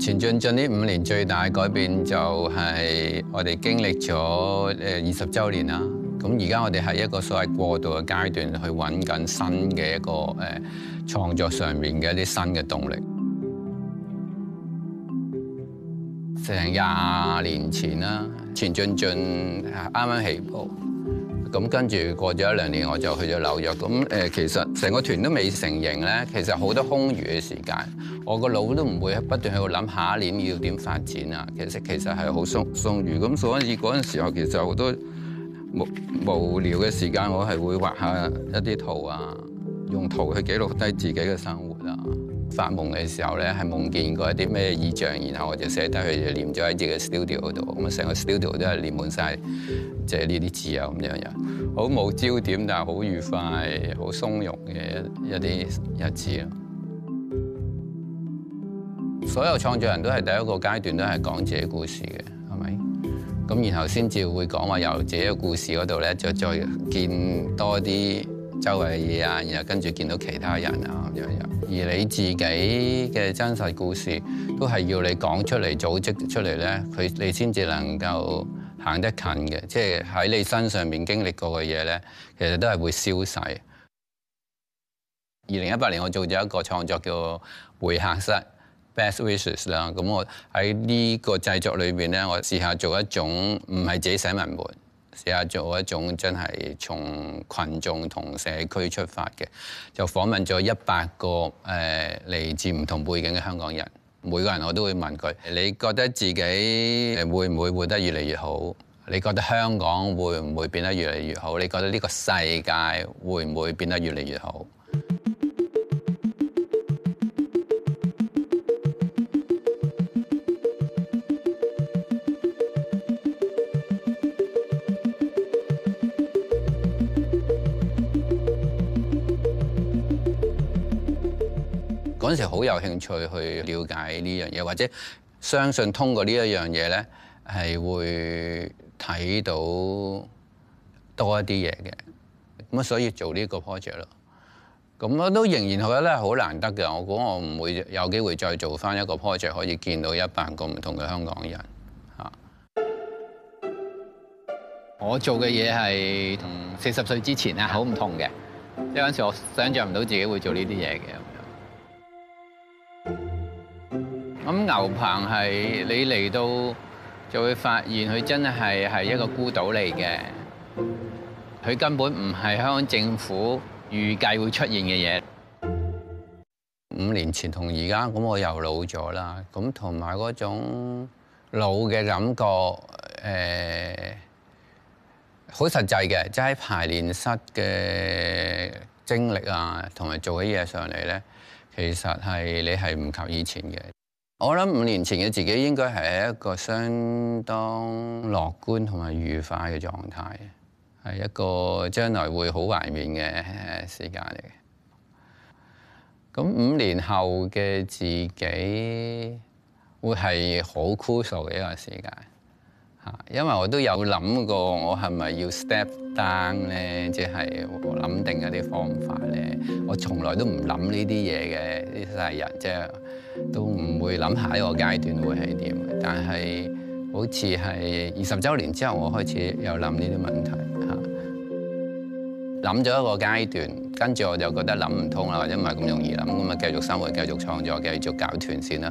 前進進呢五年最大改變就係我哋經歷咗誒二十週年啦。咁而家我哋係一個所謂過渡嘅階段，去揾緊新嘅一個誒創作上面嘅一啲新嘅動力。成廿年前啦，前進進啱啱起步。咁跟住過咗一兩年，我就去咗紐約。咁誒，其實成個團都未成形咧，其實好多空餘嘅時間，我個腦都唔會不斷喺度諗下一年要點發展啊。其實其實係好鬆鬆餘，咁所以嗰陣時候其實好多無無聊嘅時間，我係會畫下一啲圖啊，用圖去記錄低自己嘅生活啊。發夢嘅時候咧，係夢見過一啲咩意象，然後我就寫低佢，就黏咗喺自己 studio 嗰度。咁啊，成個 studio 都係黏滿晒，即係呢啲字啊咁樣樣，好冇焦點，但係好愉快、好鬆容嘅一啲日子咯。所有創作人都係第一個階段都係講自己故事嘅，係咪？咁然後先至會講話由自己故事嗰度咧，再再見多啲。周圍嘢啊，然後跟住見到其他人啊，咁樣樣。而你自己嘅真實故事都係要你講出嚟，組織出嚟咧，佢你先至能夠行得近嘅。即係喺你身上面經歷過嘅嘢咧，其實都係會消逝。二零一八年我做咗一個創作叫《會客室》，Best Wishes 啦。咁我喺呢個製作裏邊咧，我試下做一種唔係自己寫文本。試下做一種真係從群眾同社區出發嘅，就訪問咗一百個誒、呃、嚟自唔同背景嘅香港人。每個人我都會問佢：你覺得自己會唔會活得越嚟越好？你覺得香港會唔會變得越嚟越好？你覺得呢個世界會唔會變得越嚟越好？嗰陣時好有興趣去了解呢樣嘢，或者相信通過呢一樣嘢咧，係會睇到多一啲嘢嘅。咁啊，所以做呢個 project 咯。咁我都仍然覺得咧，好難得嘅。我估我唔會有機會再做返一個 project，可以見到一百個唔同嘅香港人吓。我做嘅嘢係同四十歲之前咧好唔同嘅，即係嗰時我想像唔到自己會做呢啲嘢嘅。咁牛棚係你嚟到就會發現，佢真係係一個孤島嚟嘅。佢根本唔係香港政府預計會出現嘅嘢。五年前同而家咁，我又老咗啦。咁同埋嗰種老嘅感覺，誒，好實際嘅，即係喺排練室嘅精力啊，同埋做起嘢上嚟咧，其實係你係唔及以前嘅。我諗五年前嘅自己應該係一個相當樂觀同埋愉快嘅狀態，係一個將來會好懷念嘅時間嚟嘅。咁五年後嘅自己，會係好枯燥嘅一個時間。嚇，因為我都有諗過我是是，就是、我係咪要 step down 咧？即係諗定一啲方法咧。我從來都唔諗呢啲嘢嘅，呢世人即係都唔會諗下一個階段會係點。但係好似係二十週年之後，我開始有諗呢啲問題嚇。諗咗一個階段，跟住我就覺得諗唔通啦，或者唔係咁容易諗，咁咪繼續生活，繼續創作，繼續搞團先啦。